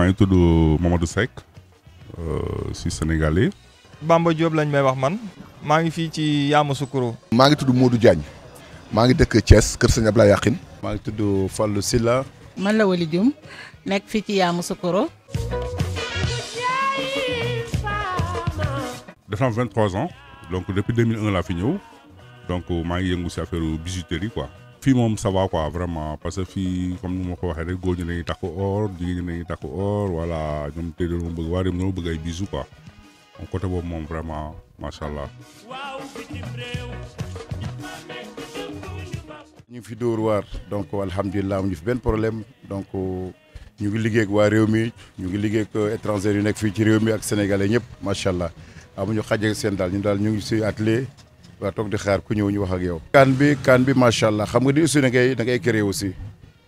maa ngi tudd euh, Mamadou Seck euh, si sénégalais. Bamba Diop lañ may wax man. maa ngi fii ci Yamoussoukro. maa ngi tudd Modou Diagne. maa ngi dëkk Thiès Kër Sëñ Ablaye Yaqin. maa ngi tudd Fallou Silla. man la Wali Dioum nekk ci Yamoussoukro. def naa vingt 23 ans donc depuis 2001 la finio, fi ñëw donc euh, maa ngi yëngu si affaire bijouterie quoi. fii moom ça va quoi vraiment parce que fii comme ni ma ko waxee rek góor ñi dañuy takk or jigéen ñi dañuy takk or voilà ñoom tey doon bëgg waa dem ñoo bëgg ay bisu quoi moom boobu moom vraiment macha allah. ñu fi door waar donc alhamdulilah amuñu fi benn problème donc euh, ñu ngi liggéey ak waa réew mi ñu ngi liggéey ak euh, étrangers yu nekk fii ci réew mi ak sénégalais ñëpp macha allah amuñu xàjj ak seen daal ñu daal ñu ngi si atelier. waa toog di xaar ku ñew ñu wax ak yow. kan bi kan bi machallah xam nga di aussi da ngay da ngay créer aussi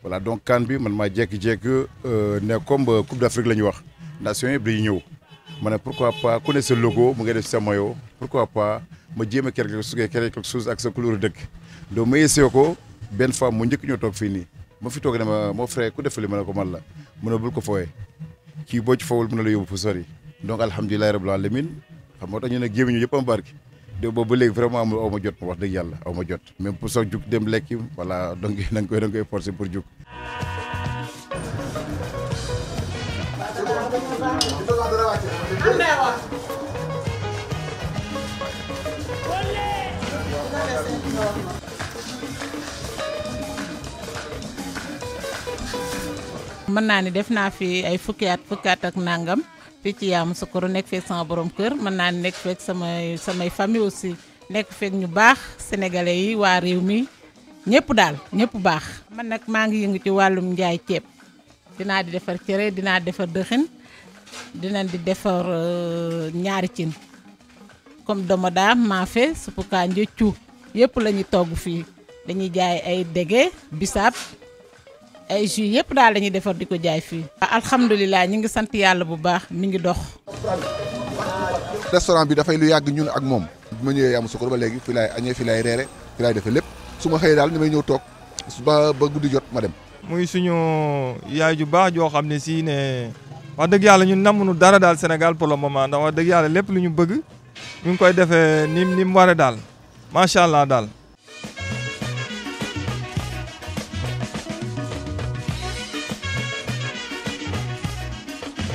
voilà donc kan bi man ma jek jek euh ne comme euh, Coupe d'Afrique la ñu wax nation yëpp dañuy ñew mané pourquoi pas ku ce logo mu ngi def sa mayo pourquoi pas ma jema kerek quelque chose créer quelque chose ak sa couleur deuk do may yéesee ko benn fois mu njëkk ñu tok fi ni ma fi tok ne ma moo frère ku def li ne ko mal la mu ne bul ko fooyee kii bo ci fawul mën na la yóbbu fu sori donc alhamdoulillah rabbil alamin xam mo tax ñu ne gémmiñu yëpp am barki de bo bo leg vraiment amul awma jot wax deug yalla awma jot même pour sax juk dem lekki wala donc da nga koy da koy forcer pour juk man naa ni def naa fi ay fukki at fukki at ak nangam fii ci Yamoussoukro nekk feeg sama borom kër mën naa nekk feeg samay samay famille aussi nekk feeg ñu baax sénégalais yi waa réew mi ñëpp daal ñëpp baax. man nag maa ngi yëngu ci wàllum njaay ceeb dinaa di defar cere dinaa defar dëxin di defar euh, ñaari cin comme domoda maafe suppu kànja cu yëpp la ñuy togg fii dañuy jaay ay dege bisaab ay jus yëpp daal la ñuy defar di ko jaay fii. alhamdulilah ñu ngi sant yàlla bu baax mi ngi dox. restaurant bi dafay lu yàgg ñun ak moom. bi ma ñëwee Yamoussoukro ba léegi fi laay añee fi laay reere fi laay defee lépp su ma xëyee daal ni may ñëw toog ba ba guddi jot ma dem. muy suñu yaay ju baax joo xam ne si ne wax dëgg yàlla ñun namuñu dara daal Sénégal pour le moment ndax wax dëgg yàlla lépp lu ñu bëgg ñu ngi koy defee ni ni mu daal macha allah daal.